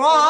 الغرام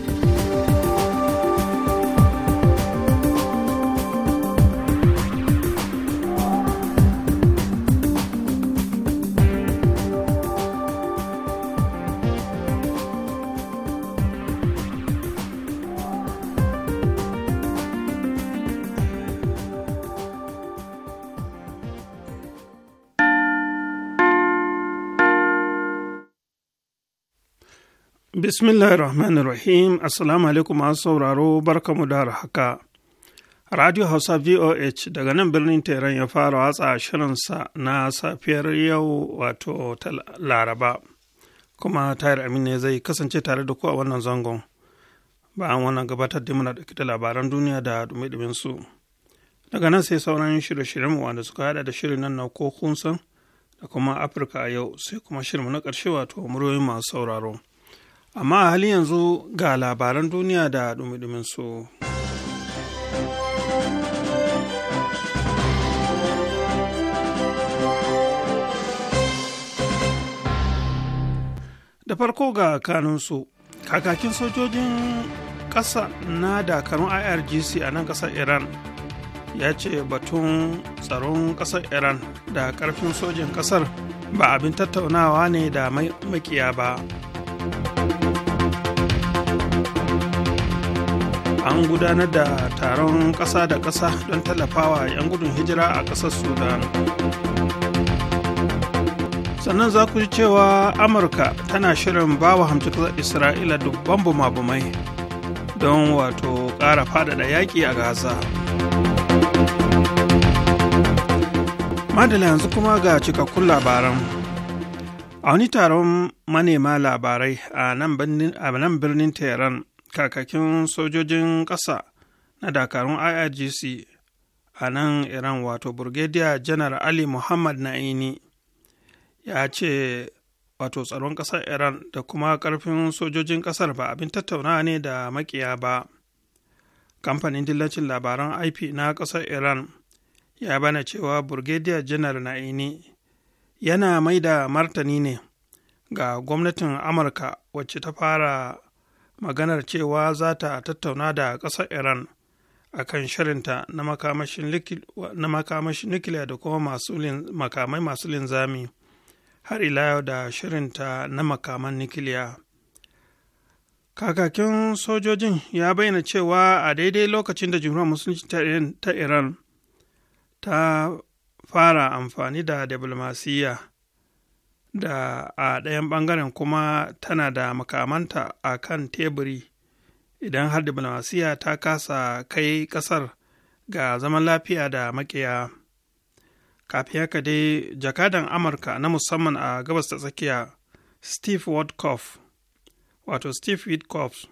Bismillahir Rahmanir Rahim, Assalamu alaikum masu sauraro barkamu da haka. Radio Hausa VOH daga nan birnin Teheran ya fara watsa shirinsa na safiyar yau wato Laraba, kuma Tahir Amin ne zai kasance tare da ku a wannan zangon. Bayan wannan gabatar da muna da labaran duniya da dumi su. Daga nan sai sauran shirye-shiryen wanda suka hada da shirin nan na ko da kuma Afirka a yau sai kuma shirin na ƙarshe wato muryoyin masu sauraro. amma a halin yanzu ga labaran duniya da dumi su. da farko ga kanunsu kakakin sojojin ƙasa na dakarun irgc a nan ƙasar iran ya ce batun tsaron ƙasar iran da ƙarfin sojin ƙasar ba abin tattaunawa ne da makiya ba an gudanar da taron ƙasa da ƙasa don tallafawa 'yan gudun hijira a ƙasar sudan sannan za ku ji cewa amurka tana shirin bawa hamtukar isra'ila dubban bumabumai don wato ƙara faɗaɗa yaƙi a gaza madala yanzu kuma ga cikakkun labaran a wani taron manema labarai a nan birnin teheran kakakin sojojin ƙasa na dakarun irgc a nan iran wato burgediya janar ali muhammad na'ini ya ce wato tsaron ƙasar iran da kuma ƙarfin sojojin ƙasar ba abin tattaunawa ne da makiya ba kamfanin dillacin labaran ip na ƙasar iran ya bana cewa burgediya janar na'ini yana mai da martani ne ga gwamnatin amurka wacce ta fara maganar cewa za ta tattauna da ƙasar iran a kan shirinta na makamashin nukiliya da kuma makamai masu linzami har ila yau da shirinta na makaman nukiliya kakakin sojojin ya bayyana cewa a daidai lokacin da jumhuriyar musulunci ta iran ta fara amfani da diplomasiyya da a ɗayan ɓangaren kuma tana da makamanta a kan teburi idan har diplomasiya ta kasa kai ƙasar ga zaman lafiya da makiya kafin haka dai jakadan amurka na musamman a gabas ta tsakiya steve wodkoff wato steve witkoff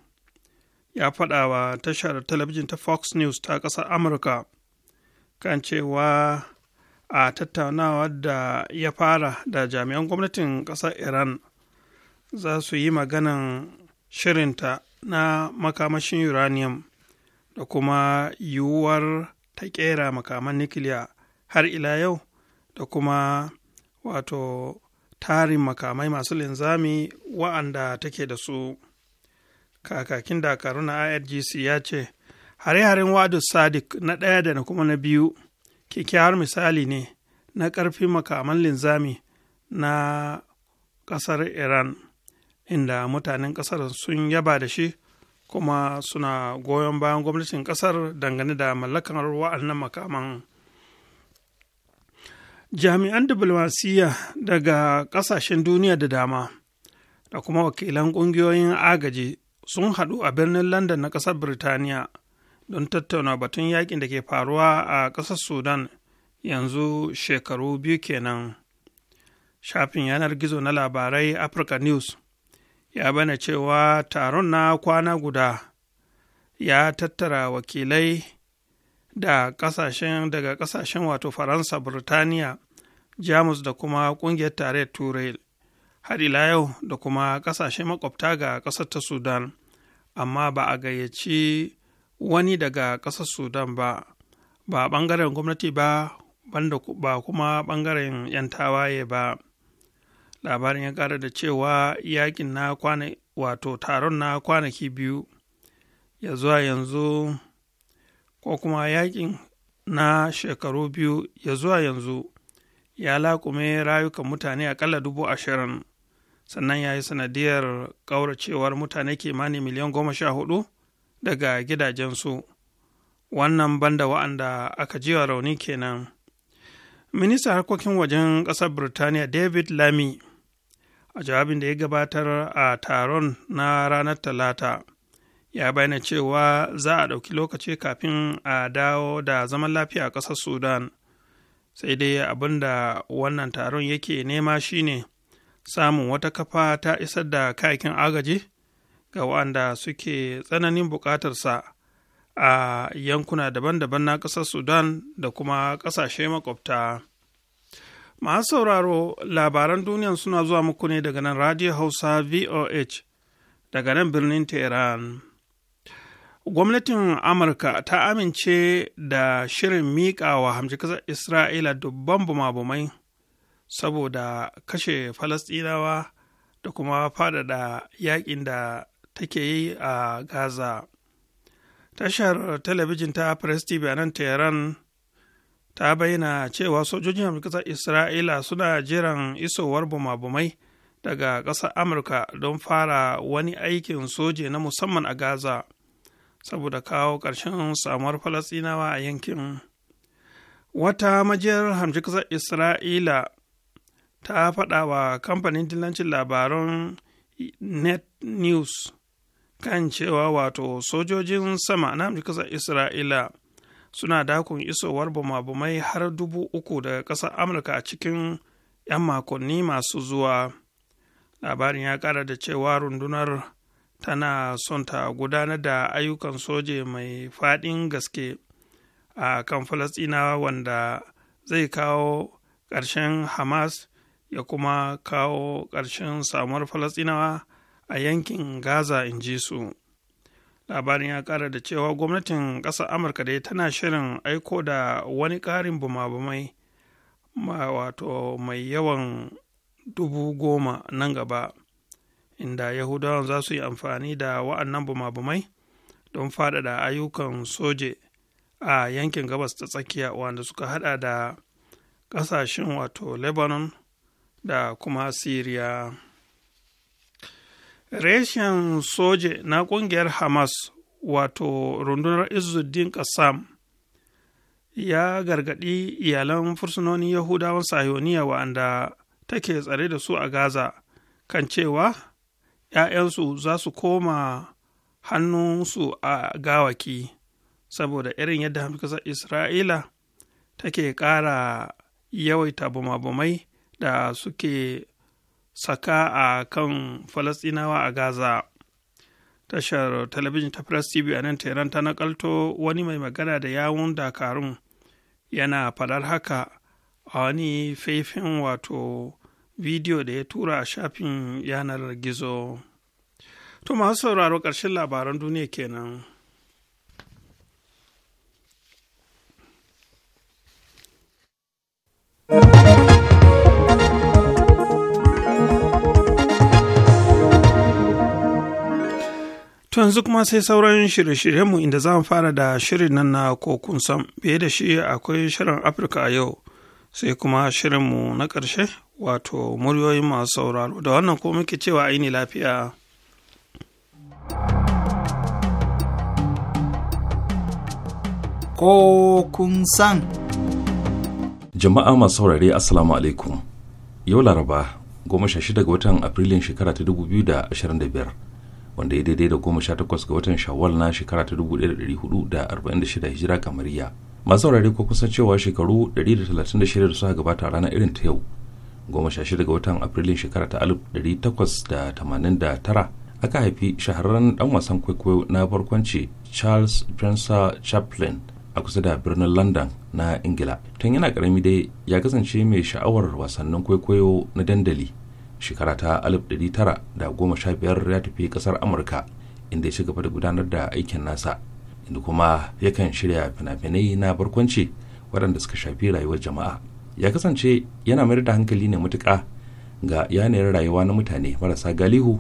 ya faɗa wa tashar talabijin ta fox news ta ƙasar amurka kan cewa a tattaunawar da ya fara da jami'an gwamnatin ƙasar iran za su yi maganan shirinta na makamashin uranium da kuma yiwuwar ta ƙera makaman nikiliya har ila yau da kuma wato tarin makamai masu linzami wa'anda take da su kakakin dakaru na irgc ya ce hare-haren wadu sadiq na ɗaya da na kuma na biyu kyakkyawar misali ne na ƙarfin makaman linzami na ƙasar iran inda mutanen ƙasar sun yaba da shi kuma suna goyon bayan gwamnatin ƙasar dangane da mallakar wa'annan makaman jami'an diplomasiyya daga ƙasashen duniya da dama da kuma wakilan ƙungiyoyin agaji sun haɗu a birnin london na ƙasar birtaniya don tattauna batun yakin da ke faruwa a ƙasar sudan yanzu shekaru biyu kenan shafin yanar gizo na labarai africa news ya bana cewa taron na kwana guda ya tattara wakilai da kasashen daga ƙasashen wato faransa burtaniya jamus da kuma ƙungiyar tare turai har ila yau da kuma ƙasashe makwabta ga ƙasar ta sudan amma ba a gayyaci wani daga ƙasar sudan ba ba ɓangaren gwamnati ba banda ba kuma ɓangaren 'yan tawaye ba labarin ya ƙara da cewa yakin na kwana wato taron na kwanaki biyu ya zuwa yanzu ko kuma yakin na shekaru biyu ya zuwa yanzu ya lakume rayukan mutane aƙalla dubu ashirin sannan ya yi sanadiyar ƙauracewar mutane kimanin miliyan goma sha hudu daga gidajensu wannan banda wa'anda aka jiwa rauni kenan ministan harkokin wajen ƙasar birtaniya david lamy a jawabin da ya gabatar a taron na ranar talata ya bayyana cewa za a ɗauki lokaci kafin a dawo da zaman lafiya a ƙasar sudan sai dai abin da wannan taron yake nema shine samun wata kafa ta isar da kayakin agaji ga waɗanda suke tsananin buƙatarsa a yankuna daban-daban na ƙasar Sudan da kuma ƙasashe makwabta. Masu sauraro labaran duniya suna zuwa muku ne daga nan Radio Hausa VOH daga nan birnin Tehran. Gwamnatin Amurka ta amince da shirin miƙawa hamji ƙasar Isra'ila dubban bumabumai saboda kashe Falasɗinawa da kuma faɗaɗa yaƙin da take yi a gaza tashar talabijin ta press tv a nan tehran ta bayyana cewa sojojin amurka isra'ila suna jiran isowar bumabumai daga ƙasar amurka don fara wani aikin soje na musamman a gaza saboda kawo ƙarshen samuwar falasinawa a yankin wata majiyar hamshi ƙasar isra'ila ta faɗa wa kamfanin dillancin labaran net news kan cewa wato sojojin sama na kasar isra'ila suna dakon isowar bumabumai har dubu uku daga ƙasar amurka a cikin 'yan makonni masu zuwa labarin ya ƙara da cewa rundunar tana son ta gudanar da ayyukan soje mai faɗin gaske a kan falastina wanda zai kawo ƙarshen hamas ya kuma kawo ƙarshen samuwar falasɗinawa a yankin gaza in ji su labarin ya kara da cewa gwamnatin ƙasar amurka dai tana shirin aiko da wani ƙarin bumabumai wato mai yawan dubu goma nan gaba inda yahudawan za su yi amfani da wa'annan bumabumai don faɗaɗa ayyukan soje a yankin gabas ta tsakiya wanda suka hada da ƙasashen wato lebanon da kuma syria reshen soje na kungiyar hamas wato rundunar izuddin kasam ya gargadi iyalan fursunonin yahudawan sayoniya wa'anda take tsare da su a gaza kan cewa ‘ya'yansu za su koma hannunsu a gawaki saboda irin yadda hamkasar isra'ila take kara yawaita bumabumai da suke saka a kan falasɗinawa a gaza tashar talabijin ta press tv a nan tehran ta nakalto wani mai magana da yawun dakarun yana faɗar haka a wani faifin wato bidiyo da ya tura a shafin yanar gizo to masu sauraro ƙarshen labaran duniya kenan. thank To yanzu kuma sai sauran shirye-shiryenmu inda za mu fara da shirin nan na kokun sam biye da shi akwai shirin Afirka a yau sai kuma shirinmu na ƙarshe wato muryoyin masu sauraro da wannan ko muke cewa aini lafiya. Kokun san. Jama'a masu saurare Assalamu alaikum. Yau Laraba, goma sha shida ga watan Afrilun shekara ta dubu biyu da ashirin da biyar. wanda ya daidai da goma sha takwas ga watan shawwal na shekara ta dubu ɗaya da ɗari hudu da arba'in da shida hijira kamariya masu saurare ko kusan cewa shekaru ɗari da talatin da shida da suka gabata a ranar irin ta yau goma sha shida ga watan afrilun shekara ta alif ɗari takwas da tamanin da tara aka haifi shahararren dan wasan kwaikwayo na barkwanci charles spencer chaplin a kusa da birnin london na ingila tun yana karami dai ya kasance mai sha'awar wasannin kwaikwayo na dandali shekara ta 1915 ya tafi kasar amurka inda ya ci gaba da gudanar da aikin nasa inda kuma yakan shirya fina-finai na barkwanci waɗanda suka shafi rayuwar jama'a ya kasance yana mayar da hankali ne matuƙa ga yanayin rayuwa na mutane marasa galihu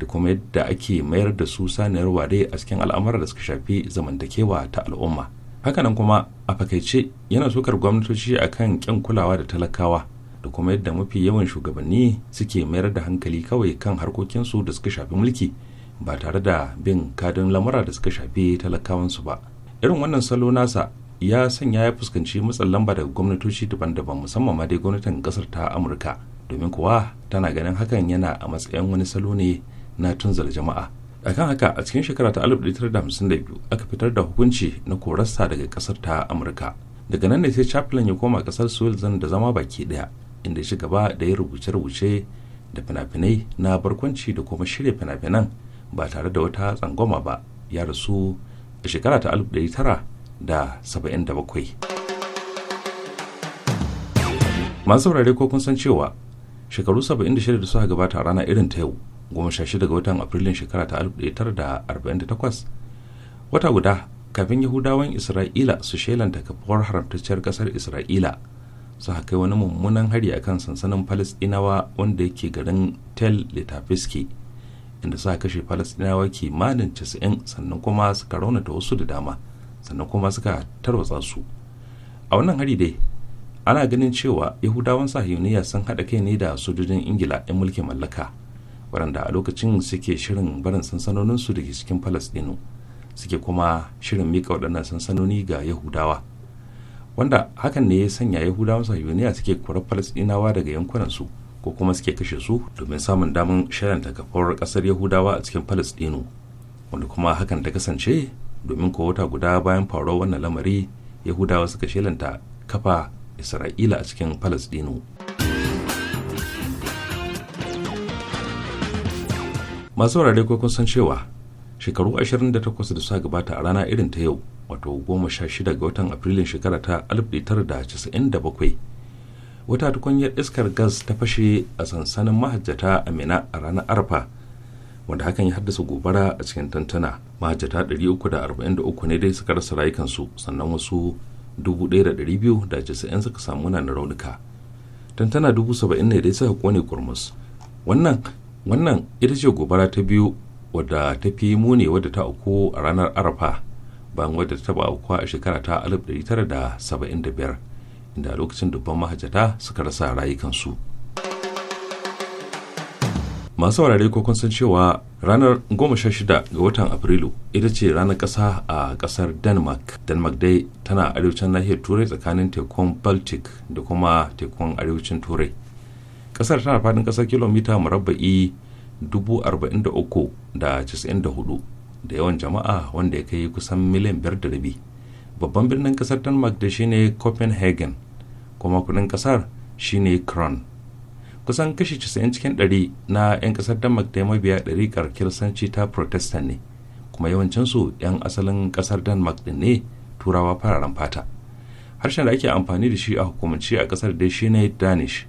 da kuma yadda ake mayar da su saniyar ware a cikin al'amuran da suka shafi zamantakewa ta al'umma hakanan kuma a fakaice yana sukar gwamnatoci akan kyan kulawa da talakawa da kuma yadda mafi yawan shugabanni suke mayar da hankali kawai kan harkokinsu da suka shafi mulki ba tare da bin kadin lamura da suka shafi talakawansu ba irin wannan salo nasa ya sanya ya fuskanci matsin lamba daga gwamnatoci daban-daban musamman ma dai gwamnatin kasar ta amurka domin kuwa tana ganin hakan yana a matsayin wani salo ne na tunzal jama'a a kan haka a cikin shekara ta 1952 aka fitar da hukunci na korasta daga kasar ta amurka daga nan ne sai chaplin ya koma kasar switzerland da zama baki ɗaya. inda ya ci gaba da ya rubuce-rubuce da fina-finai na barkwanci da kuma shirya fina-finan ba tare da wata tsangwama ba ya rasu a shekara ta 1977 masu saurare ko kun san cewa shekaru 76 da suka gabata rana irin ta yau goma shida ga watan afrilun shekara ta 1948 wata guda kafin yahudawan isra'ila su shelanta kafuwar haramtacciyar kasar isra'ila su kai wani mummunan hari a kan sansanin falasɗinawa wanda yake garin tel litafiski inda suka kashe falasɗinawa kimanin 90 sannan kuma suka raunata wasu da dama sannan kuma suka tarwatsa su a wannan hari dai ana ganin cewa yahudawan sahiyoniya sun haɗa kai ne da sojojin ingila 'yan mulkin mallaka waɗanda a lokacin suke shirin barin sansanoninsu da ke cikin falasɗinu suke kuma shirin mika waɗannan sansanoni ga yahudawa wanda hakan ne ya sanya masa yuniya suke kura falasɗinawa daga yankunan su ko kuma suke kashe su domin samun damar shirin kafar ƙasar yahudawa a cikin falasɗinu wanda kuma hakan ta kasance domin ko wata guda bayan faro wannan lamari yahudawa suka shelanta kafa isra'ila a cikin falasɗinu masu wurare kun san cewa shekaru 28 da suka gabata a rana irin ta yau wato 16 ga watan afrilun shekara ta 1997 wata tukunyar iskar gas ta fashe a sansanin mahajjata a mina a ranar arfa wanda hakan ya haddasa gobara a cikin tantana mahajjata 343 ne dai suka rasa rayukansu sannan wasu 1,290 suka samu na raunuka tantana 70 ne dai suka kone kurmus wannan wannan ita ce gobara ta biyu wadda ta fi muni wadda ta auku a ranar arafa bayan wadda ta taba aukuwa a shekara ta 1975 inda lokacin dubban mahajjata suka rasa rayukansu masu saurare ko kun san cewa ranar 16 ga watan afrilu ita ce ranar ƙasa a ƙasar denmark denmark dai tana arewacin nahiyar turai tsakanin tekun baltic da kuma tekun arewacin turai ƙasar tana faɗin ƙasar kilomita murabba'i 43,094 da yawan jama'a wanda ya kai kusan miliyan biyar da rabi babban birnin kasar denmark da shine copenhagen kuma kudin kasar shine kron kusan kashi 90 cikin 100 na 'yan kasar denmark da ya mabiya ɗariƙar sanci ta protestant ne kuma yawancinsu 'yan asalin kasar denmark din ne turawa fararen fata harshen da ake amfani da shi a hukumance a kasar da shine danish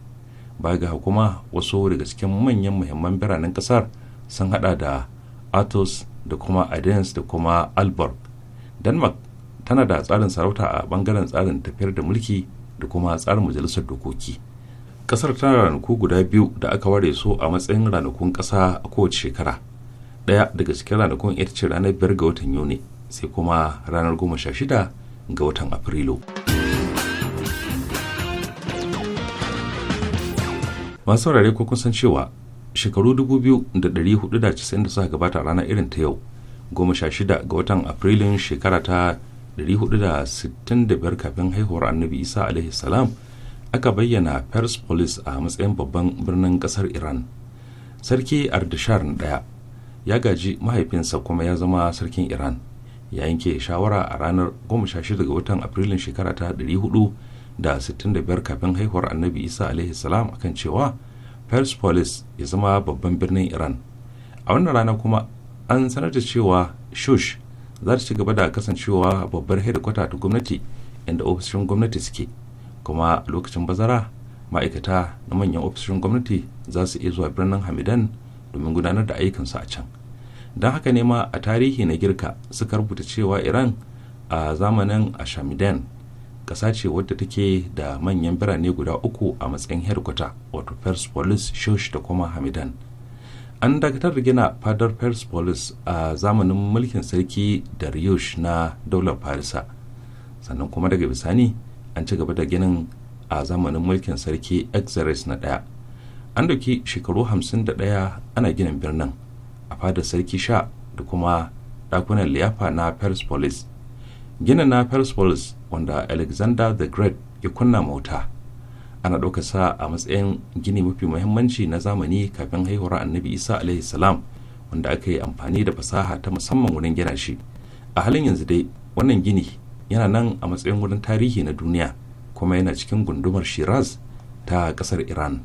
baya ga kuma wasu daga cikin manyan muhimman biranen kasar sun hada da athos da kuma adens da kuma alborg denmark tana da tsarin sarauta a bangaren tsarin tafiyar da mulki da kuma tsarin majalisar dokoki kasar tana ranaku guda biyu da aka ware su a matsayin ranakun kasa a kowace shekara daya daga cikin ranakun ita ce ranar biyar ga watan yuni sai kuma ranar goma sha shida ga watan afrilu. masu saurare ko kun san cewa shekaru 2490 da suka gabata rana irin ta yau goma sha shida ga watan afrilun shekara ta 465 kafin haihuwar annabi isa alaihi aka bayyana police a matsayin babban birnin kasar iran sarki ardashar daya ya gaji mahaifinsa kuma ya zama sarkin iran ya yanke shawara a ranar shida ga watan afrilun shekara ta 400 da 65 kafin haihuwar annabi isa alaihi salam akan cewa persepolis ya zama babban birnin iran a wannan rana kuma an sanar da cewa shush za ta ci gaba da kasancewa babbar hedikwata ta gwamnati inda ofishin gwamnati suke kuma a lokacin bazara ma'aikata na manyan ofishin gwamnati za su iya zuwa birnin hamidan domin gudanar da ayyukansu a can don haka ne ma a tarihi na girka suka rubuta cewa iran a zamanin ashamidan ƙasa ce wadda take da manyan birane guda uku a matsayin herkuta wato persepolis shosh da kuma hamidan an dakatar da gina fadar persepolis a zamanin mulkin sarki da riyush na daular farisa sannan kuma daga bisani an ci gaba da ginin a zamanin mulkin sarki exeris na daya an dauki shekaru 51 ana ginin birnin a fadar sarki sha da kuma dakunan liyafa na persepolis ginin na persepolis wanda alexander the great ya kunna mota ana ɗauka sa a matsayin gini mafi muhimmanci na zamani kafin haihuwar annabi isa alaihi salam wanda aka yi amfani da fasaha ta musamman wurin gina shi a halin yanzu dai wannan gini yana nan a matsayin wurin tarihi na duniya kuma yana cikin gundumar shiraz ta ƙasar iran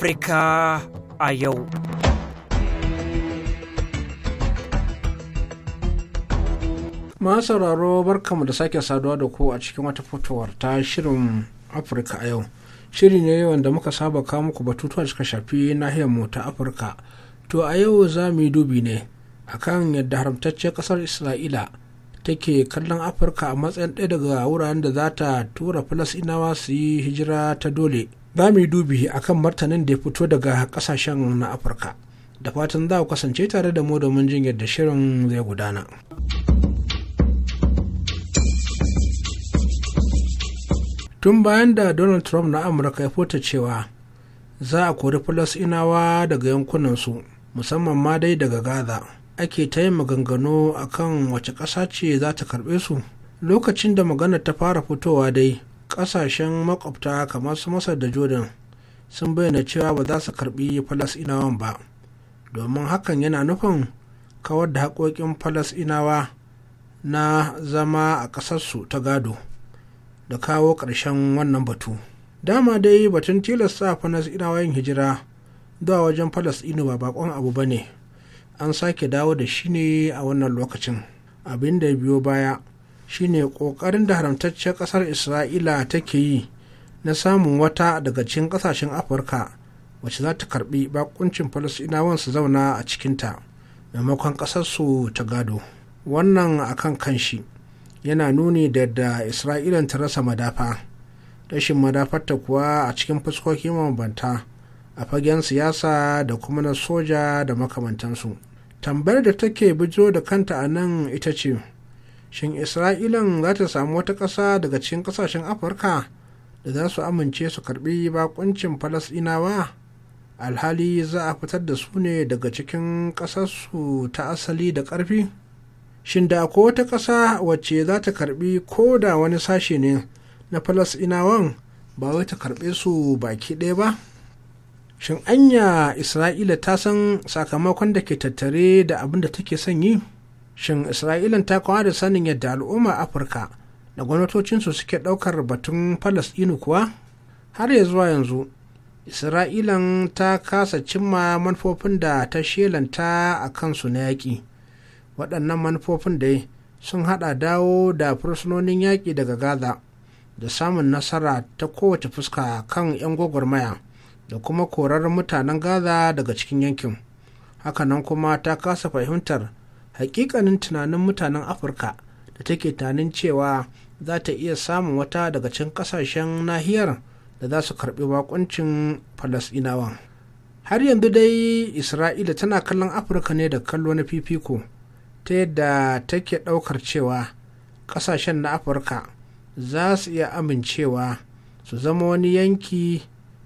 Afrika a yau. Ma sauraro barkamu da sake saduwa da ku a cikin wata fitowar ta shirin Afirka a yau. Shiri ne wanda muka saba kawo muku batutuwa cika shafi nahiyar mu ta Afirka. To a yau za mu yi dubi ne akan yadda haramtacciyar ƙasar Isra'ila take kallon Afirka a matsayin ɗaya daga wuraren da za ta tura Falasɗinawa su yi hijira ta dole. za mu yi dubi a kan martanin da ya fito daga kasashen na afirka da fatan za ku kasance tare da mu domin jin yadda shirin zai gudana tun bayan da donald trump na amurka ya fota cewa za a kori inawa daga yankunansu musamman ma dai daga gaza ake ta yin maganganu akan wace ƙasa ce za ta karɓe su lokacin da magana ta fara fitowa dai ƙasashen makwabta kamar su masar da jordan sun bayyana cewa ba za su karbi falasinawan ba domin hakan yana nufin kawar da haƙoƙin falasinawa na zama a ƙasarsu ta gado da kawo ƙarshen wannan batu dama dai batun tilasta falasinawa yin hijira zuwa wajen falasɗinu ba bakon abu ba ne an sake dawo da shi ne a wannan lokacin abin da biyo baya shine ƙoƙarin da haramtacciyar ƙasar isra'ila take yi na samun wata daga cikin ƙasashen afirka wacce za ta karbi bakuncin falasinawan su zauna a cikinta maimakon ƙasarsu ta gado wannan akan kanshi yana nuni da da isra'ilan ta rasa madafa rashin madafarta kuwa a cikin fuskoki mabanta a fagen siyasa da kuma na soja da makamantansu tambayar da take bijo da kanta a nan ita ce shin isra'ilan za ta samu wata ƙasa daga cikin ƙasashen afirka da za su amince su karbi bakuncin falasɗinawa alhali za a fitar da su ne daga cikin ƙasarsu ta asali da ƙarfi shin da akwai wata ƙasa wacce za ta karbi ko da wani sashe ne na falasɗinawan ba wai ta karbe su baki ɗaya ba shin anya isra'ila ta san sakamakon da ke tattare da abin da take son yi shin isra'ilan ta kawo da sanin yadda al'umma afirka da gwamnatocinsu suke ɗaukar batun falasɗinu kuwa har ya zuwa yanzu isra'ilan ta kasa cimma manufofin da ta shelanta a kansu na yaƙi waɗannan manufofin da sun haɗa dawo da fursunonin yaƙi daga gaza da samun nasara ta kowace fuska kan 'yan gwagwarmaya da kuma korar mutanen gaza daga cikin yankin hakanan kuma ta kasa fahimtar hakikanin tunanin mutanen afirka da take tunanin cewa za ta iya samun wata daga cikin kasashen nahiyar da za su karbi bakuncin falasɗinawan har yanzu dai isra'ila tana kallon afirka ne da kallo na fifiko ta yadda take ɗaukar cewa ƙasashen na afirka za su iya amincewa su zama wani yanki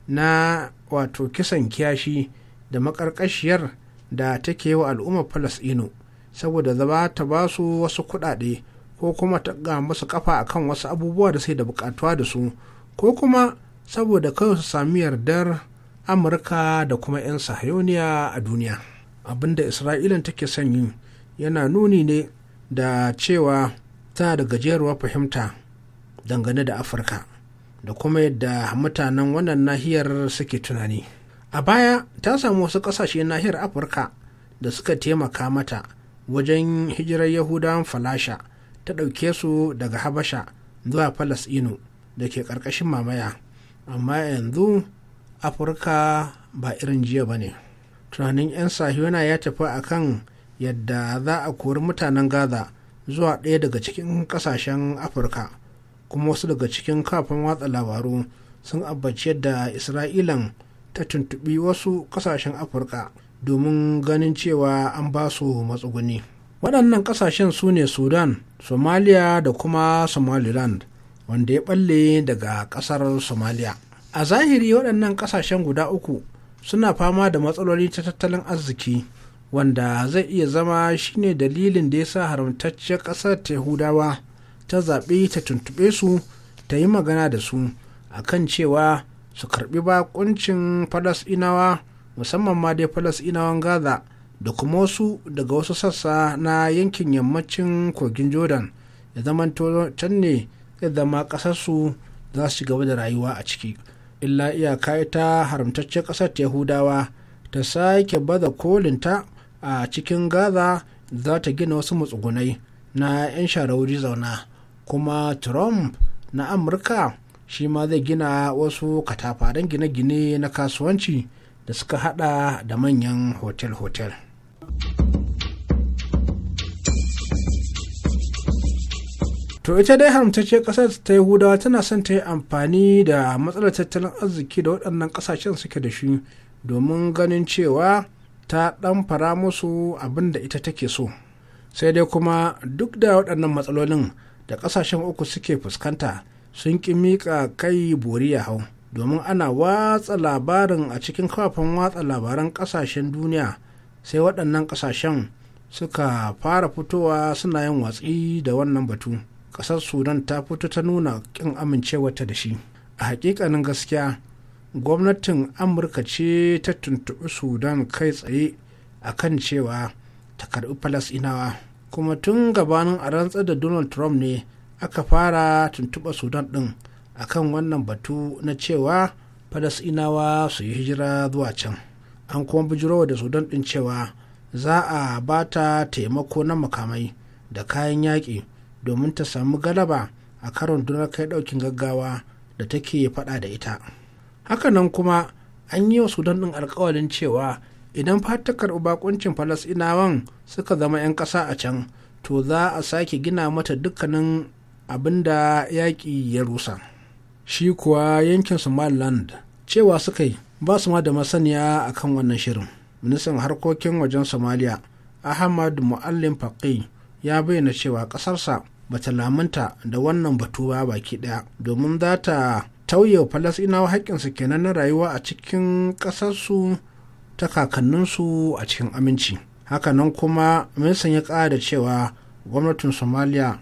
na wato kisan kiyashi da maƙarƙashiyar da take yi wa al'ummar falasɗinu saboda zama ta ba su wasu kuɗaɗe ko kuma ta ga musu kafa akan wasu abubuwa da sai da bukatuwa da su ko kuma saboda kawai su sami yardar amurka da kuma 'yan sahayoniya a duniya abinda isra'ilan take son yi yana nuni ne da cewa ta da gajeruwar fahimta dangane da afirka da kuma yadda mutanen wannan nahiyar suke tunani a baya ta samu wasu ƙasashe nahiyar afirka da suka taimaka mata wajen hijirar yahudawan falasha ta ɗauke su daga habasha zuwa falasɗinu da ke ƙarƙashin mamaya amma yanzu afirka ba irin jiya ba ne tunanin 'yan sahiyona ya tafi akan yadda za a kori mutanen gaza zuwa ɗaya daga cikin ƙasashen afirka kuma wasu daga cikin kafin watsa labaru sun abbaci yadda isra'ilan ta tuntuɓi wasu ƙasashen afirka domin ganin cewa an ba su matsuguni waɗannan ƙasashen su ne sudan somalia da kuma somaliland wanda ya ɓalle daga ƙasar somalia a zahiri waɗannan ƙasashen guda uku suna fama da matsaloli ta tattalin arziki wanda zai iya zama shine dalilin da ya sa haramtacciyar ƙasar yahudawa ta zaɓi ta tuntuɓe su ta yi magana da su akan cewa su karɓi baƙuncin falasɗinawa musamman ma dai falasɗinawan gaza da kuma wasu daga wasu sassa na yankin yammacin kogin jordan ya zama can ne zai zama ƙasarsu za su gaba da rayuwa a ciki illa iyaka ita haramtaccen ƙasar yahudawa ta sake baza kolinta a cikin gaza za ta gina wasu matsugunai na 'yan sharauri zauna kuma trump na amurka shi ma zai gina wasu katafaren gine-gine na kasuwanci da suka hada da manyan hotel-hotel. To ita dai haramtacce ƙasar ta Yahudawa tana son ta yi amfani da matsalar tattalin arziki da waɗannan ƙasashen suke da shi domin ganin cewa ta ɗan fara musu abin da ita take so. Sai dai kuma duk da waɗannan matsalolin da ƙasashen uku suke fuskanta sun ƙi miƙa kai bori ya hau. domin ana watsa labarin a cikin kafafen watsa labaran ƙasashen duniya sai waɗannan ƙasashen suka fara fitowa suna yin watsi da wannan batu ƙasar sudan ta fito ta nuna ƙin amincewarta da shi a haƙiƙanin gaskiya gwamnatin amurka ce ta tuntuɓi sudan kai tsaye a kan cewa ta karɓi falasinawa kuma tun gabanin a rantsar da donald trump ne aka fara tuntuɓa sudan ɗin akan wannan batu na cewa falasinawa su yi hijira zuwa can an kuma bijirowa da sudan din cewa za a ba ta taimako na makamai da kayan yaƙi domin ta samu galaba a karon dunar kai ɗaukin gaggawa da take faɗa da ita hakanan kuma an yi wa sudan ɗin alkawalin cewa idan fatakar bakuncin falasinawan suka zama 'yan ƙasa a can to za a sake gina mata dukkanin abin da yaƙi ya rusa shi kuwa yankin somaliland cewa suka yi ba su ma da masaniya a kan wannan shirin ministan harkokin wajen somaliya ahmad muallim faqi ya bayyana cewa ƙasarsa ba ta lamunta da wannan batu ba baki ɗaya domin za ta tauye falasɗinawa haƙƙinsu kenan na rayuwa a cikin ƙasarsu ta kakanninsu a cikin aminci hakanan kuma ministan ya ƙara cewa gwamnatin somaliya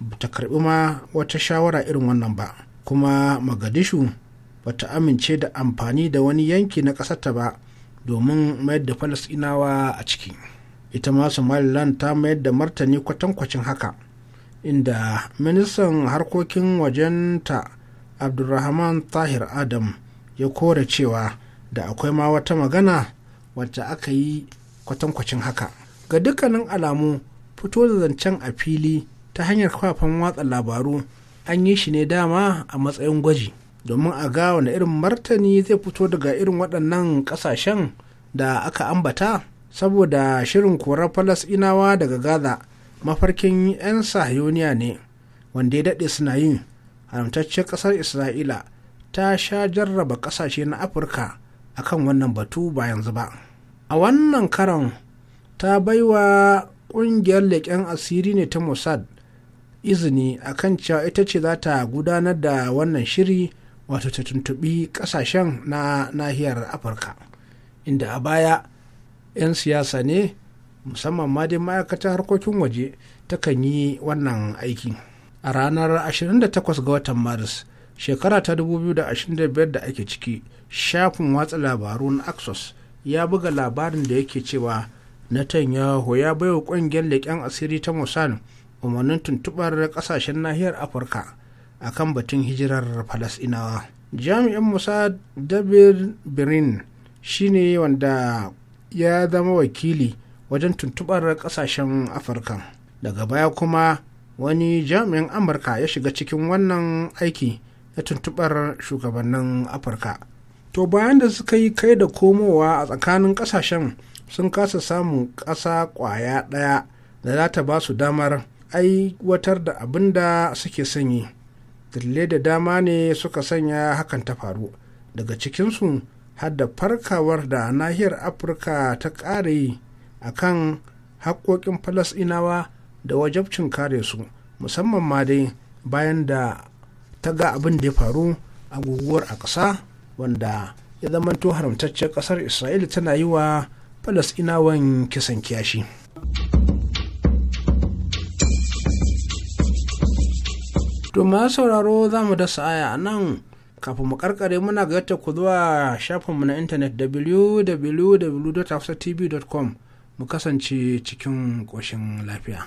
ba ta karɓi ma wata shawara irin wannan ba kuma magadishu ta amince da amfani da wani yanki na ƙasarta ba domin mayar da falasɗinawa a ciki ita ma somaliland ta mayar da martani kwatankwacin haka inda ministan harkokin wajenta abdulrahman tahir adam ya kore cewa da akwai ma wata magana wacce aka yi kwatankwacin haka ga dukkanin alamu fito da zancen a fili ta hanyar kafafen watsa labaru an yi shi ne dama a matsayin gwaji domin a ga wani irin martani zai fito daga irin waɗannan ƙasashen da aka ambata saboda shirin korar inawa daga gaza mafarkin 'yan sahiyoniya ne wanda ya daɗe suna yin haramtacciyar ƙasar isra'ila ta sha jarraba ƙasashe na afirka akan wannan batu ba yanzu ba a wannan karan ta baiwa ƙungiyar leƙen asiri ne ta mossad izini akan cewa ita ce za ta gudanar da wannan shiri wato ta tuntubi kasashen na nahiyar afirka inda a baya 'yan siyasa ne musamman ma dai ma'aikatar harkokin waje takan yi wannan aiki a ranar 28 ga watan maris shekara ta 2025 da ake ciki shafin watsa labaru na axos ya buga labarin da yake cewa netanyahu ya baiwa ƙungiyar leƙen asiri ta musamman. umarnin tuntubar kasashen nahiyar afirka a kan batun hijirar falasinawa jami'in musa david birin shine wanda ya zama wakili wajen tuntubar kasashen afirka daga baya kuma wani jami'in amurka ya shiga cikin wannan aiki na tuntubar shugabannin afirka to bayan da suka yi kai da komowa a tsakanin kasashen sun kasa samun ƙasa ƙwaya ɗaya da za ta ba su damar aiwatar da abin da suke sanyi dalilai da dama ne suka sanya hakan ta faru daga cikinsu har da farkawar da nahiyar afirka ta ƙare a kan haƙoƙin falasɗinawa da wajabcin kare su musamman ma dai bayan da ta ga abin da ya faru a guguwar a ƙasa wanda ya zamanto haramtacciyar ƙasar isra'ila tana yi wa falasɗinawan kisan kiyashi. domin sauraro za mu dasa aya a nan kafin mu karkare muna ga yadda ku zuwa shafinmu na intanet www.hafsatv.com mu kasance cikin ƙoshin lafiya.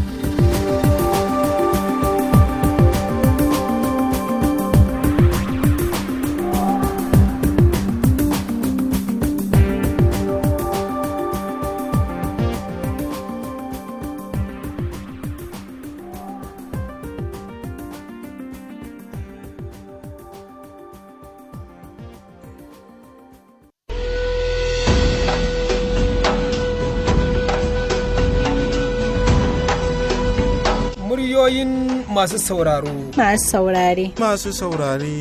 masu sauraro. Masu saurare. Masu saurare.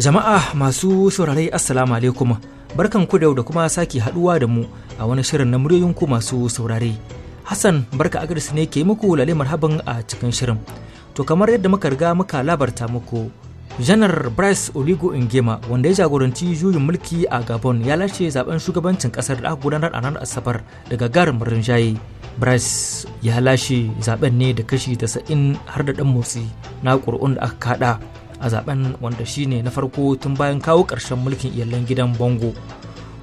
Jama'a masu saurare Assalamu alaikum. Barkan ku da yau da kuma sake haduwa da mu a wani shirin na muryoyin ku masu saurare. Hassan barka agris ne ke muku lalle marhaban a cikin shirin. To kamar yadda muka riga muka labarta muku janar bryce oligo ingema wanda ya jagoranci juyin mulki a gabon ya lashe zaben shugabancin kasar da aka gudanar a ranar asabar daga garin rinjaye Bryce ya lashe zaben ne da kashi 90 har da ɗan motsi na ƙuri'un da aka kada a zaben wanda shine na farko tun bayan kawo ƙarshen mulkin iyalan gidan Bongo.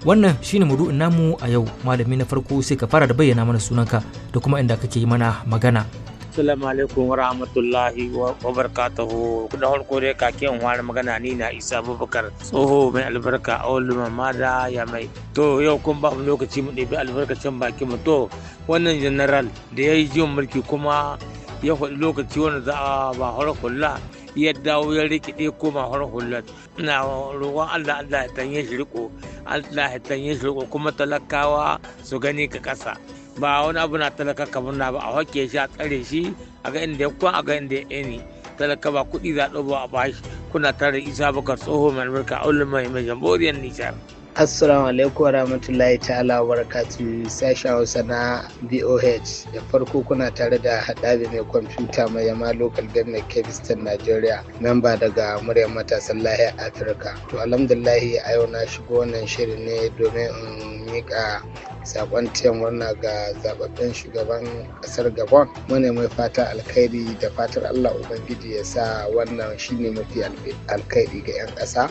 Wannan shine maudu'in namu a yau malami na farko sai ka fara da bayyana mana sunanka da kuma inda kake yi mana magana. Assalamu alaikum wa rahmatullahi wa barakatuhu. Da farko dai kakin wani magana ni na Isa Abubakar tsoho mai albarka a wani mamada ya mai. To yau kun ba mu lokaci mu ɗebi albarkacin baki mu to wannan general da ya yi jin mulki kuma ya faɗi lokaci wanda za a ba hula ya dawo ya rikide koma hula ina roƙon Allah Allah ya tanye shi riko Allah ya tanye shi riko kuma talakawa su gani ka ƙasa. ba wani abu na talaka kamar na ba a hake shi a tsare shi a ga inda ya kwan a ga inda ya eni talaka ba kuɗi za a ba a bashi kuna tare isa bakar tsoho mai albarka a ulama mai jamboriyar nijar. Assalamu alaikum wa rahmatullahi ta'ala wa barakatu sashen Hausa na BOH da farko kuna tare da haɗari mai kwamfuta mai yama local government Kevistan Nigeria memba daga muryar matasan lahiyar Afirka. To alhamdulahi a yau na shigo wannan shirin ne domin in mika saƙon tiyan wannan ga zababben shugaban ƙasar Gabon. Mune mai fata alkhairi da fatar Allah Ubangiji ya sa wannan shine mafi alkhairi ga 'yan ƙasa.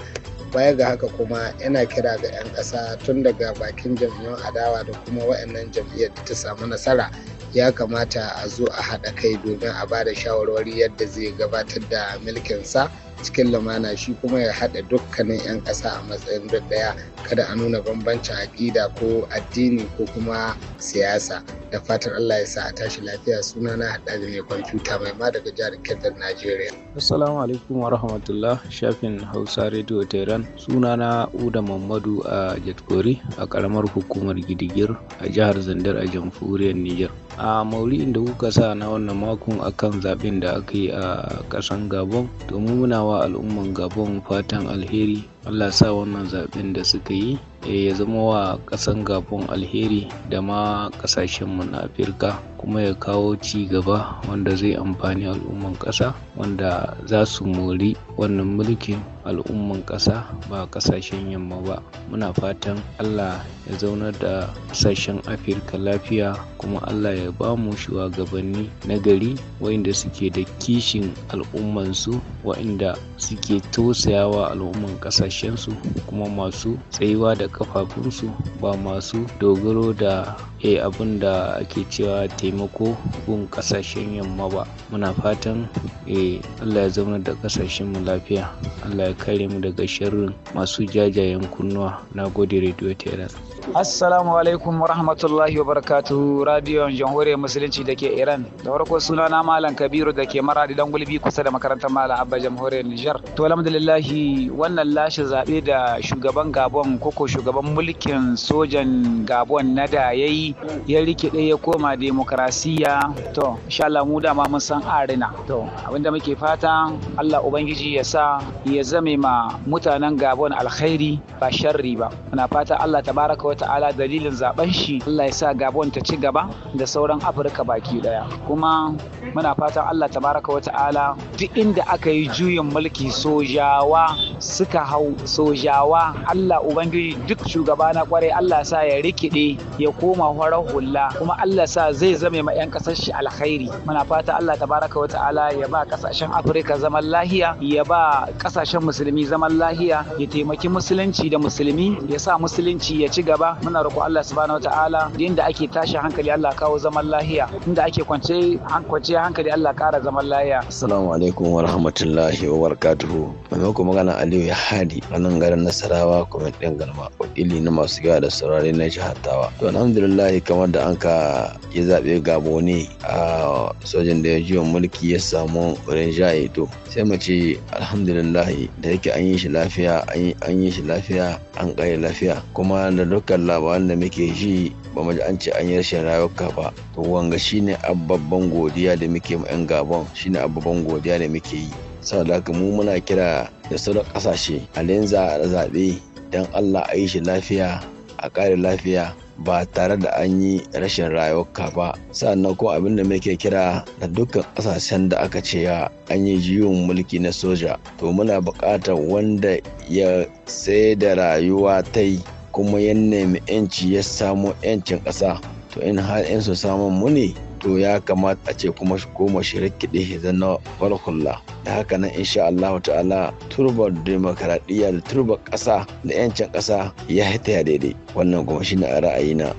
baya ga haka kuma yana kira ga 'yan ƙasa tun daga bakin jami'an adawa da kuma wa'annan jam'iyyar da ta samu nasara ya kamata a zo a haɗa kai domin a ba da shawarwari yadda zai gabatar da mulkin sa cikin lumana shi kuma ya haɗa dukkanin 'yan ƙasa a matsayin duk ɗaya kada a nuna bambancin aƙida ko addini ko kuma siyasa da fatan Allah ya sa a tashi lafiya suna na haɗa da mai kwamfuta mai ma daga jihar kedar Najeriya. Assalamu alaikum wa rahmatullah shafin Hausa Radio Tehran suna na Uda Mamadu a Jatkori a ƙaramar hukumar Gidigir a jihar Zandar a jamhuriyar Nijar. a maulidin da kuka sa na wannan makon kan zaɓen da aka yi a ƙasan gabon domin muna wa al'umman gabon fatan alheri allah sa wannan zaɓen da suka yi Eh, ya zama wa kasan gabon alheri da ma kasashenmu na afirka kuma ya kawo ci gaba wanda zai amfani al'umman ƙasa wanda za su mori wannan mulkin al'umman ƙasa ba ƙasashen yamma ba muna fatan allah ya zaunar da ƙasashen afirka lafiya kuma allah ya ba mu shugabanni na gari wa'inda suke da kishin al'ummansu wa'inda suke tosayawa al'umman kasashensu kuma masu tsayuwa da kafafunsu ba masu dogaro da e abin da ake cewa taimako gun kasashen yamma ba muna fatan e allah ya zama da kasashen mu lafiya allah ya kare mu daga sharrin masu jajayen kunnuwa na gode radio teras Assalamu alaikum rahmatullahi wa wabarakatuh radiyon jamhuriyar musulunci da ke Iran. Da farko suna Malam Kabiru da ke Maradi dan gulbi kusa da makarantar Malam Abba jamhuriyar Nijar. To alhamdulillahi wannan lashe zaɓe da shugaban Gabon koko shugaban mulkin sojan Gabon na da yayi ya rikide ya koma demokrasiya. To insha Allah mu dama mun san arena. To abinda muke fata Allah ubangiji ya sa ya zame ma mutanen Gabon alkhairi ba sharri ba. Muna fata Allah tabaraka ta'ala dalilin zaben shi Allah ya sa Gabon ta ci gaba da sauran Afirka baki daya kuma muna fatan Allah tabaraka wa ta'ala duk inda aka yi juyin mulki sojawa suka hau sojawa Allah ubangiji duk shugaba na kwarai Allah sa ya rikide ya koma horar hula kuma Allah sa zai zame ma 'yan kasar shi alkhairi muna fata Allah tabaraka wa ta'ala ya ba kasashen Afirka zaman lahiya ya ba kasashen musulmi zaman lahiya ya taimaki musulunci da musulmi ya sa musulunci ya ci gaba ba muna roƙo Allah subhanahu wataala inda ake tashi hankali Allah kawo zaman lahiya inda ake kwance kwance hankali Allah kara zaman lahiya assalamu alaikum wa rahmatullahi wa barakatuhu mai ku magana Aliyu ya a nan garin Nasarawa kuma ɗin galma wakili na masu yawa da saurare na jihar Tawa to alhamdulillah kamar da an ka ya zaɓe gabo ne a sojin da ya jiwa mulki ya samu jaye to sai mu ce alhamdulillah da yake an yi shi lafiya an yi shi lafiya an ƙare lafiya kuma da duka kan labaran da muke ji ba mu an ce an yi rashin rayuka ba to wanga shine babban godiya da muke ma yan gabon shine babban godiya da muke yi saboda haka mu muna kira da sauran kasashe a lenza a zaɓe dan Allah a yi shi lafiya a ƙare lafiya ba tare da an yi rashin rayuwa ba sannan ko abin da muke kira da dukkan ƙasashen da aka ce ya an yi jiwon mulki na soja to muna buƙatar wanda ya sai da rayuwa ta yi kuma ya nemi 'yanci ya samu 'yancin ƙasa to in har 'yan su samun mu ne to ya kamata a ce kuma goma shi rikide hizan na barkulla da haka nan insha Allah ta'ala turba demokradiyya da turbar ƙasa da yancin ƙasa ya hita ya daidai wannan kuma shi ne ra'ayina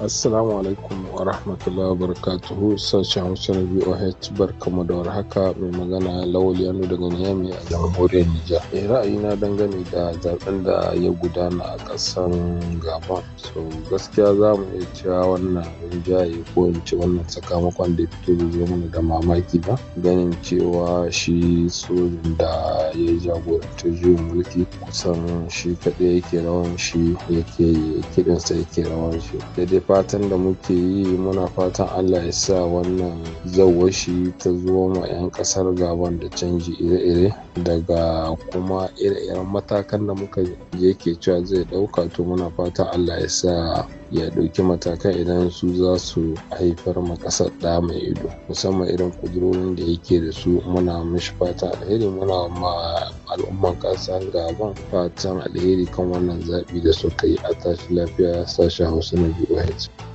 Assalamu alaikum wa rahmatullahi wa barakatuhu sashen Hausa na bar kama da warhaka mai magana Lawal Yanu daga Niyami a jamhuriyar Nijar. Eh ra'ayina dangane da zaben da ya gudana a ƙasar Gabon. So gaskiya za mu iya cewa wannan rinjaye ko in ce wannan sakamakon da ya fito da mana da mamaki ba ganin cewa shi sojin da ya jagoranci juyin mulki kusan shi kaɗai yake rawan shi yake kiɗansa yake rawan shi. fatan da muke yi muna fatan allah ya sa wannan zawashi ta zo ma 'yan kasar gaban da canji ire-ire daga kuma ire-iren matakan da muka yake cewa zai dauka to muna fatan allah ya sa ya ɗauki matakan idan su za su haifar ma ƙasar ɗa mai ido musamman irin kudurorin da yake da su muna mishi fata alheri muna ma al'umman ƙasar gaban fatan alheri kan wannan zaɓi da suka yi a tashi lafiya sashen hausa na voh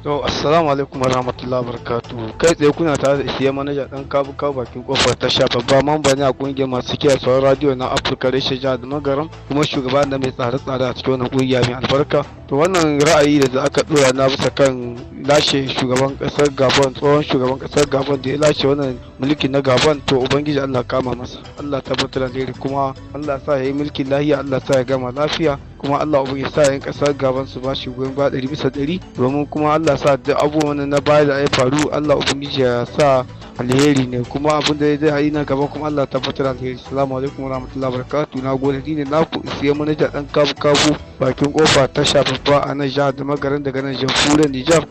to assalamu alaikum wa wa wabarakatuh kai tsaye kuna tare da isiye manaja dan kabu kabu bakin kofar ta sha babba mamba ne a ƙungiyar masu kiyaye sauran radiyo na afirka reshe jihar da magaram kuma shugaba da mai tsare-tsare a cikin wannan kungiya mai albarka to wannan ra'ayi da aka dora na bisa kan lashe shugaban kasar gabon tsohon shugaban kasar gabon da ya lashe wannan mulki na gabon to ubangiji allah kama masa allah tabbatar da kuma allah sa ya yi mulki lahiya allah sa ya gama lafiya kuma Allah ubu ya sa yan kasar gabon su ba shi goyon ba ɗari bisa ɗari domin kuma Allah sa duk abubuwan na baya da ya faru Allah ubangiji ya sa alheri ne kuma abin da zai hari nan gaba kuma Allah tabbatar alheri assalamu alaikum wa rahmatullahi wa barakatuh na gode ni ne naku isiye manaja dan kabu kabu bakin kofa ta shafafa a nan jihar da magaran daga nan jamhuriyar Nijar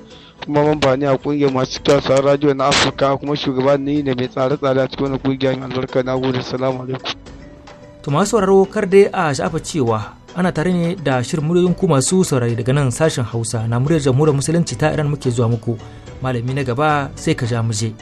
kuma ba ni a kungiyar masu kyasa radio na Afirka kuma shugaba ne ne mai tsare-tsare a cikin wani kungiya mai albarka na gode assalamu alaikum to masu sauraro kar dai a shafa cewa ana tare ne da shirin muryoyin ku masu saurari daga nan sashen Hausa na muryar jamhuriyar musulunci ta Iran muke zuwa muku malami na gaba sai ka ja mu je.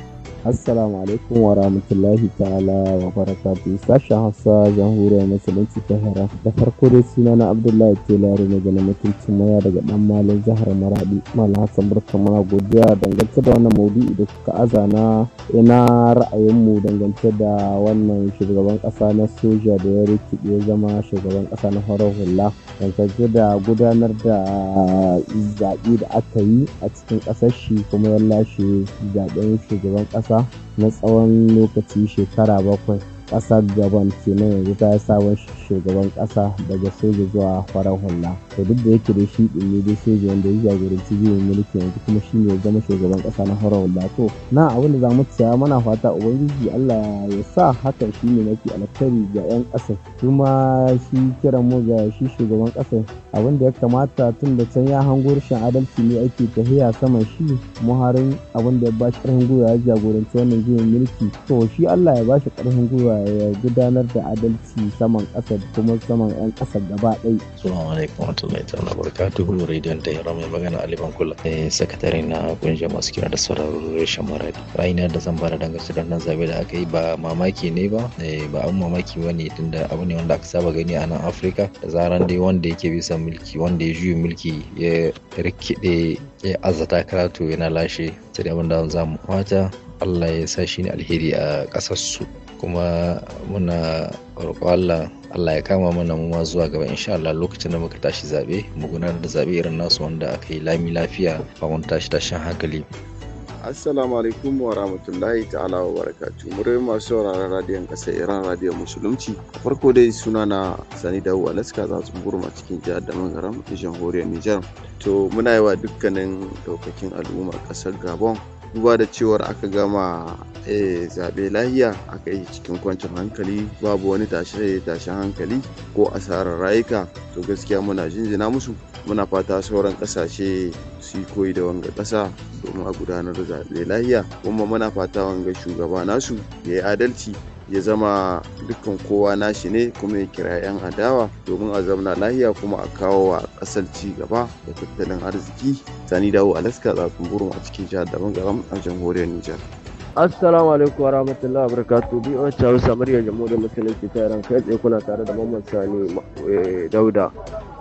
Assalamu alaikum wa rahmatullahi ta'ala wa barakatu sashen Hausa jamhuriyar musulunci ta Hira. Da farko dai suna na Abdullahi Telaro ne gane mutuncin maya daga dan malin jihar Maradi. Malam Hassan Barka muna godiya dangance da wannan maudu'i da kuka na ina ra'ayinmu dangance da wannan shugaban ƙasa na soja da ya rikide zama shugaban kasa na horar hula. Dangance da gudanar da zaɓe da aka yi a cikin ƙasar shi kuma ya lashe zaɓen shugaban ƙasa ƙasa na tsawon lokaci shekara bakwai, ƙasar Gabon kenan yanzu ta yi sabon shugaba. shugaban kasa daga soja zuwa farar hula to duk da yake dai shi ɗin ne dai soja wanda ya jagoranci juyin mulki yanzu kuma shi ne zama shugaban kasa na farar hula to na abin da za mu tsaya mana fata ubangiji Allah ya sa hakan shi ne mafi alkhairi ga 'yan kasa kuma shi kiran mu ga shi shugaban kasa abin da ya kamata tun da can ya hango rashin adalci ne ake tahiya saman shi muharin abin da ya bashi ƙarfin gwiwa ya jagoranci wannan juyin mulki to shi Allah ya bashi ƙarfin gwiwa ya gudanar da adalci saman ƙasa da kuma saman 'yan kasa gaba ɗai. mai alaikum warahmatullahi ta hulu rediyon yara mai magana Ali Bankula eh, sakatare na kungiyar masu kira da sauraron rashin maradi. Ra'ayina da zan bada dangantaka da nan zabe da aka yi ba mamaki ne ba eh, ba an mamaki ba ne tunda abu ne wanda aka saba gani a nan Afirka da zaran dai wanda yake bisa mulki wanda ya juyi mulki ya rikide ya azata karatu yana lashe sai abin da za mu fata Allah ya sa shi ne alheri a ƙasarsu. kuma muna roƙo Allah Allah ya kama mana mu zuwa gaba insha Allah lokacin da muka tashi zabe mu gudanar da zabe irin nasu wanda aka yi lami lafiya ba mun tashi tashin hankali Assalamu alaikum wa rahmatullahi ta'ala wa barakatuh Murai masu sauraron radiyon ƙasar Iran radiyon Musulunci. Farko dai suna na Sani Dawu Alaska za su burma cikin jihar da Mangaram, jamhuriyar Nijar. To muna yi wa dukkanin daukakin al'ummar ƙasar Gabon duba da cewar aka gama eh, zaɓe lahiya aka yi cikin kwancin hankali babu wani tashe-tashen hankali ko asarar rayuka to gaskiya muna jinjina musu muna fata sauran ƙasashe su yi koyi da wanga ƙasa domin a gudanar da zaɓe lahiya kuma muna fata wanga shugaba nasu ya yi adalci ya zama dukkan kowa nashi ne kuma ya kira 'yan adawa domin a zamana lahiya kuma a kawo wa kasar ci gaba da tattalin arziki sani dawo alaska tsatsun burin a cikin jihar daban garam a jamhuriyar nijar assalamu alaikum wa barakatu bi wa ta murya jamhuriyar musulunci ta iran kai tsaye kuna tare da mamman sani eh, dauda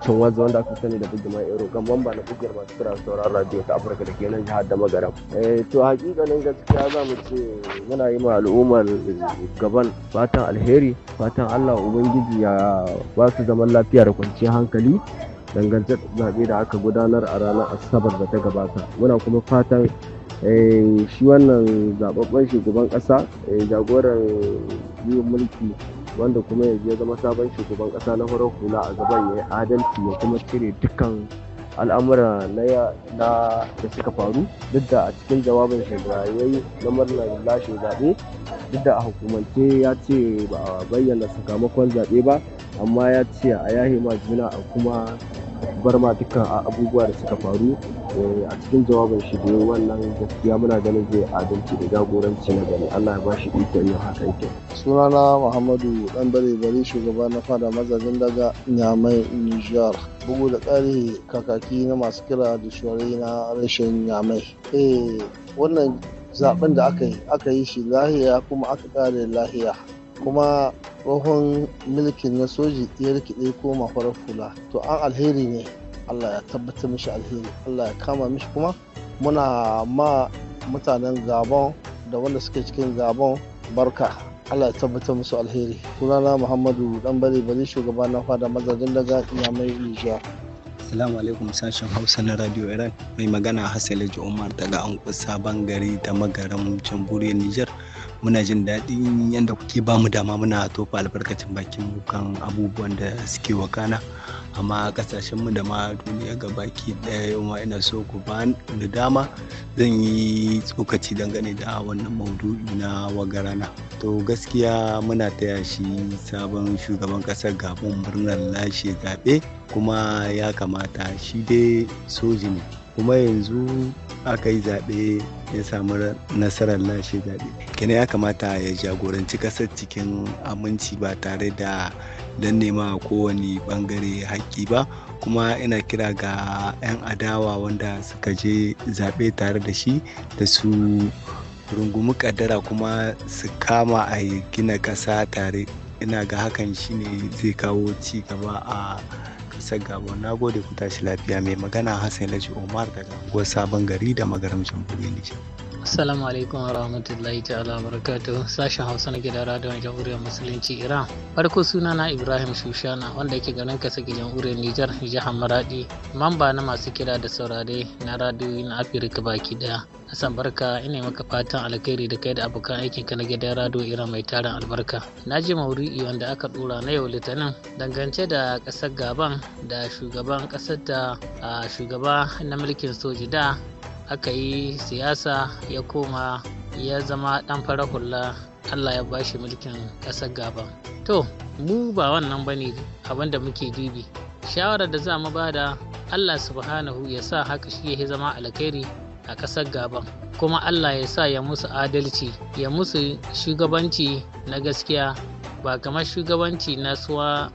cin wanzu wanda aka sani da bugima ero kan bamba na bugiyar masu kira sauran radio ta afirka da ke nan jihar da magaram eh, to hakikanin gaskiya za mu ce muna yi ma al'ummar gaban fatan alheri fatan allah ubangiji ya ba su zaman lafiya da kwanciyar hankali da zaɓe da aka gudanar a ranar asabar da ta gabata muna kuma fatan eh, shi wannan zababben shugaban ƙasa eh, jagoran biyun mulki wanda kuma ya ya zama sabon shugaban ƙasa na farar hula a gaban ya yi adalci ya kuma cire dukkan al'amura na da suka faru duk da a cikin jawabin da ya yi na murnar lashe zaɓe duk da a hukumance ya ce ba a bayyana sakamakon zaɓe ba amma ya ce a yahe ma juna a kuma barma dukkan abubuwa da suka faru eh, a cikin jawabin shi da wannan gaskiya muna ganin zai adalci da jagoranci na gani Allah ya bashi ikon yin haka yake sunana Muhammadu dan bare bare shugaba na fada mazajin daga Nyamai Niger bugu da ƙari, kakaki na masu kira da shuwarai na rashin Nyamai eh wannan zaben da aka yi aka yi shi lahiya kuma aka kare lahiya kuma tsohon mulkin na soji ya rikide koma farar kula to an alheri ne allah ya tabbatar mishi alheri allah ya kama mishi kuma muna ma mutanen gabon da wanda suke cikin gabon barka allah ya tabbatar musu alheri sunana muhammadu dan bari bari shugaba na fada mazajen daga iyamai nijar asalamu alaikum sashen Hausa na Radio Iran mai magana Hassan Umar daga an sabon gari da magaran jamhuriyar Nijar. muna jin daɗin yadda kuke ba mu dama muna tofa albarkacin bakin mu kan abubuwan da suke wakana amma kasashen mu da ma duniya ga baki ɗaya yau ma ina so ku ba da dama zan yi tsokaci dangane da wannan maudu'i na wagarana to gaskiya muna taya shi sabon shugaban ƙasar gabon murnar lashe zaɓe kuma ya kamata shi dai soji ne kuma yanzu aka yi zaɓe ya samu nasarar lashe zaɓe kenan ya kamata ya jagoranci ƙasar cikin aminci ba tare da don nema kowane ɓangare haƙƙi ba kuma ina kira ga 'yan adawa wanda suka je zaɓe tare da shi da su rungumi ƙaddara kuma su kama a gina ƙasa tare ina ga hakan shine zai kawo ci gaba a ƙasar Gabon. Na gode ku tashi lafiya mai magana Hassan Laji Omar daga unguwar Sabon Gari da magaram Jamhuriyar Nijar. Assalamu alaikum warahmatullahi ta'ala barakatuh sashen Hausa na gidan radiyon jamhuriyar musulunci Iran. Farko suna na Ibrahim Shushana wanda yake garin kasa jamhuriyar Nijar jihar Maradi, mamba na masu kira da saurare na radiyoyi na Afirka baki daya. Hassan Barka ina maka fatan alkhairi da kai da abokan aikin ka na gidan rado Iran mai tarin albarka. Na ji mauri'i wanda aka dora na yau litinin dangance da kasar Gaban da shugaban kasar da shugaba na mulkin soji da aka yi siyasa ya koma ya zama ɗan fara hula allah ya bashi mulkin ƙasar gaba to mu ba wannan bane abinda muke dubi shawarar da za mu ba da, allah subhanahu ya sa haka shi ya zama alkhairi a ƙasar gaba kuma allah ya sa ya musu adalci ya musu shugabanci na gaskiya ba kamar shugabanci na suwa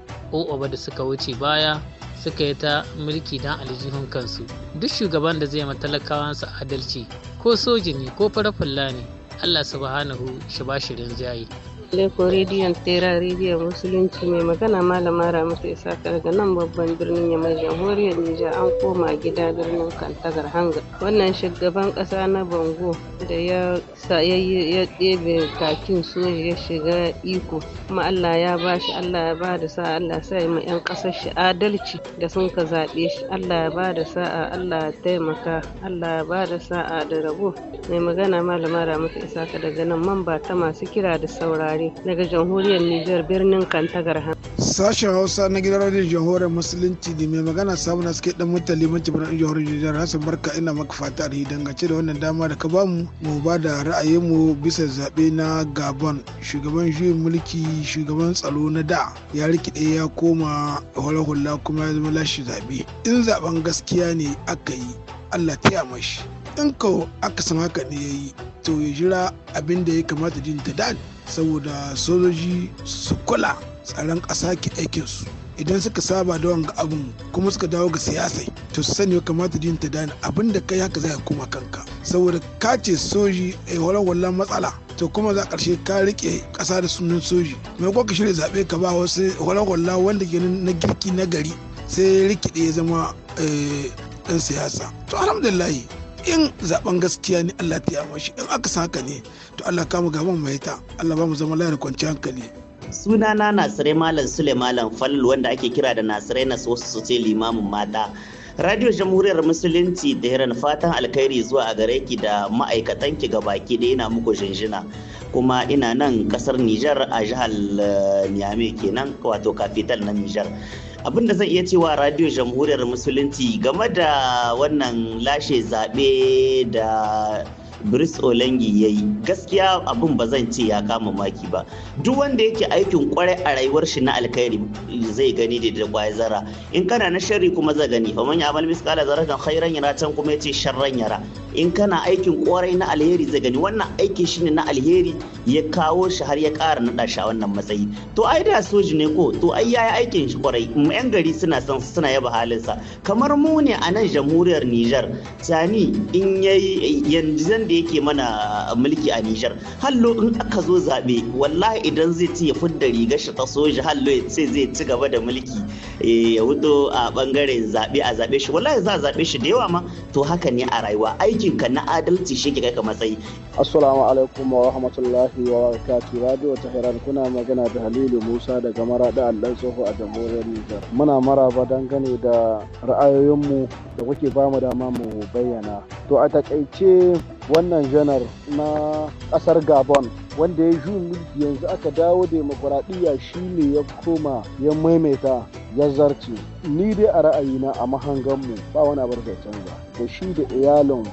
ba da suka wuce baya suka yi ta mulki don aljihun kansu duk shugaban da zai ma talakawansa adalci ko soji ne ko fara ne Allah subhanahu shi ba shirin rinjaye Leko rediyon tera rediyon musulunci mai magana malama ramata isa daga nan babban birnin yamai jamhuriyar Nijar an koma gida birnin kantagar hanga. Wannan shugaban kasa na bango da ya ya ɗebe kakin soja ya shiga iko kuma Allah ya ba shi Allah ya ba da sa'a Allah sa ma 'yan ƙasar shi adalci da sun ka zaɓe shi Allah ya ba da sa'a Allah ya taimaka Allah ya ba da sa'a da rabo mai magana malama ramata isa daga nan mamba ta masu kira da saurari. saurare daga jamhuriyar Nijar birnin Kantagarha. Sashen Hausa na gidan radiyon jamhuriyar Musulunci da mai magana samu na suke dan mutali mace birnin jamhuriyar Nijar Hassan Barka ina maka fata alhi dangace da wannan dama da ka bamu mu ba da ra'ayinmu bisa zaɓe na Gabon shugaban juyin mulki shugaban tsaro na da ya rikide ya koma hula kuma ya zama lashe zaɓe. In zaɓen gaskiya ne aka yi Allah ta mashi in ko aka san haka ne ya yi to ya jira abin da ya kamata jin ta da saboda sojoji su kula tsaron ƙasa ke aikinsu idan suka saba da wanga abin kuma suka dawo ga siyasa to su sani kamata jin ta dan abin da kai haka za zai koma kanka saboda ka ce soji a eh, wallan matsala to kuma za karshe ka rike ƙasa da sunan soji mai ka shirya zaɓe ka ba wasu walwala wanda ke na girki na gari sai rikide ya zama eh, ɗan siyasa to alhamdulillah. in zaben gaskiya ne Allah ta yawa shi in aka saka ne to Allah kama gaban mai ta Allah ba mu zama lafiya kwanciyar hankali sunana nasirai malam sule malam falal wanda ake kira da nasirai na wasu su limamin mata radio jamhuriyar musulunci da hiran fatan alkhairi zuwa a gare ki da ma'aikatan ki ga baki da yana muku jinjina kuma ina nan kasar nijar a jihar eh, niamey kenan wato kafital na nijar abin da zan iya cewa radio jamhuriyar musulunci game da wannan lashe zaɓe da Brice Olengi ya yi gaskiya abin ba zan ce ya kama maki ba duk wanda yake aikin kwarai a rayuwar shi na alkhairi zai gani da da kwaye zara in kana na sharri kuma zai gani fa man ya'mal miskala kan khairan yara can kuma yace sharran yara in kana aikin kwarai na alheri zai gani wannan aiki shine na alheri ya kawo shi har ya ƙara naɗa shi a wannan matsayi to ai da soji ne ko to ai yayi aikin shi kwarai yan gari suna san suna yaba halinsa kamar mu ne a nan jamhuriyar Nijar. tani in yayi yanzu da yake mana mulki a Nijar hallo in aka zo zaɓe wallahi idan zai ci ya fudda rigar shi ta soja hallo sai zai ci gaba da mulki eh, ya wuto a ɓangaren zaɓe a zaɓe shi wallahi za a zaɓe shi da yawa ma to haka ne a rayuwa aikin ka na adalci shi ke kai ka matsayi assalamu alaikum wa rahmatullahi wa barakatuh radio tehran kuna magana da halilu musa daga maraɗa allan tsoho a jamhuriyar nijar muna maraba dangane da ra'ayoyinmu da kuke ba bamu dama mu bayyana to a takaice wannan janar na ƙasar gabon wanda ya ju mulki yanzu aka dawo demokuraɗiyya shi ne ya koma ya maimaita ya zarce ni dai a ra'ayina a mahanganmu ba wani abar da canza da shi da iyalin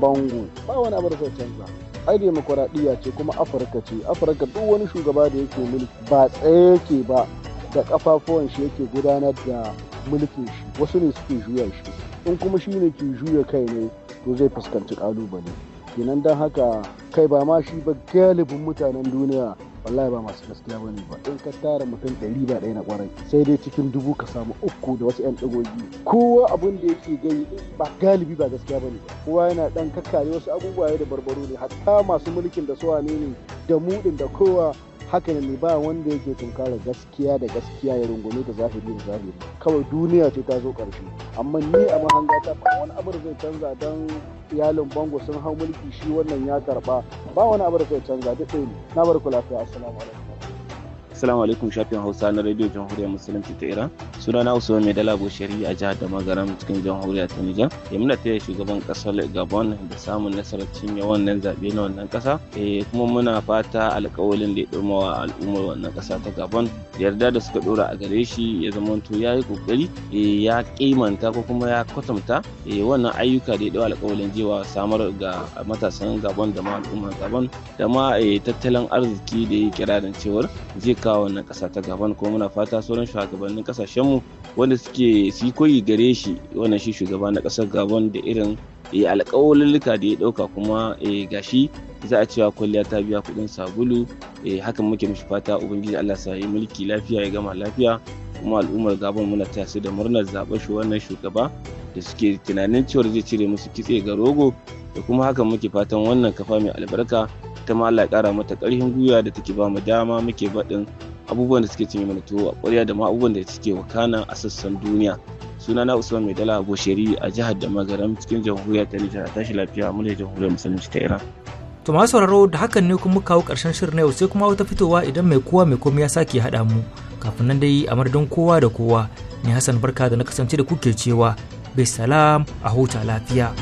bango ba wani abar da canza ai demokuraɗiyya ce kuma afirka ce afirka duk wani shugaba da yake mulki ba tsaye yake ba da kafafuwan shi yake gudanar da mulkin shi wasu ne suke juya shi in kuma shi ne ke juya kai ne to zai fuskanci kalubale kenan don haka kai ba ma shi ba galibin mutanen duniya wallahi ba masu gaskiya bane ba in ka tara mutum ɗari ba ɗaya na ƙwarai. sai dai cikin dubu ka samu uku da wasu 'yan ɗagogi kowa abin da yake gani ba galibi ba gaskiya bane kowa yana ɗan kakkare wasu abubuwa da barbaro ne hatta masu mulkin da suwa ne ne da mudin da kowa haka ne ba wanda yake tunkara gaskiya da gaskiya ya rungume da zahiri da zahiri kawai duniya ce ta zo ƙarshe amma ni a mahanga ba wani abu da zai canza don iyalin bango sun hau mulki shi wannan ya karba ba wani abu da zai canza duk ne na bar ku lafiya Vamos la Assalamu alaikum shafin Hausa na Radio Jamhuriyar Musulunci ta Iran. na Usman Mai Dala Bushari a jihar magaram cikin Jamhuriyar ta Nijar. Ya eh, muna taya shugaban kasar Gabon da samun nasarar cinye wannan zaɓe na wannan ƙasa. Eh kuma muna fata alƙawalin da ya ɗorma wa al'ummar wannan ƙasa ta Gabon yarda da suka ɗora a gare shi ya to ya yi ƙoƙari eh, ya kimanta ko kuma ya kwatanta eh, wannan ayyuka da ya ɗau alƙawalin jewa samar ga matasan Gabon da ma al'ummar Gabon da ma tattalin arziki da ya kirarin cewar zai kawo wannan ƙasa ta gaban kuma muna fata sauran shugabannin ƙasashenmu wanda suke su koyi gare shi wannan shi shugaba na kasar gabon da irin eh, alƙawalulluka da ya ɗauka kuma eh, gashi za a cewa kwalliya ta biya kuɗin sabulu eh, hakan muke mishi fata ubangiji allah sa yi mulki lafiya ya gama lafiya kuma al'ummar gabon muna ta su da murnar zaɓar shi wannan shugaba da suke tunanin cewa zai cire musu kitse ga rogo da kuma hakan muke fatan wannan kafa mai albarka ita ma Allah ya kara mata karfin gwiwa da take ba mu dama muke baɗin abubuwan da suke cinye mana tuwo a ƙwarya da ma abubuwan da suke wakana a sassan duniya suna na usman mai dala abosheri a jihar da magaram cikin jamhuriyar ta nijar tashi lafiya mulai jamhuriyar musulunci ta iran to masu sauraro da hakan ne kuma kawo karshen shirin na yau sai kuma wata fitowa idan mai kowa mai komai ya sake haɗa mu kafin nan dai a madadin kowa da kowa ni hassan barka da na kasance da kuke cewa bai salam a huta lafiya.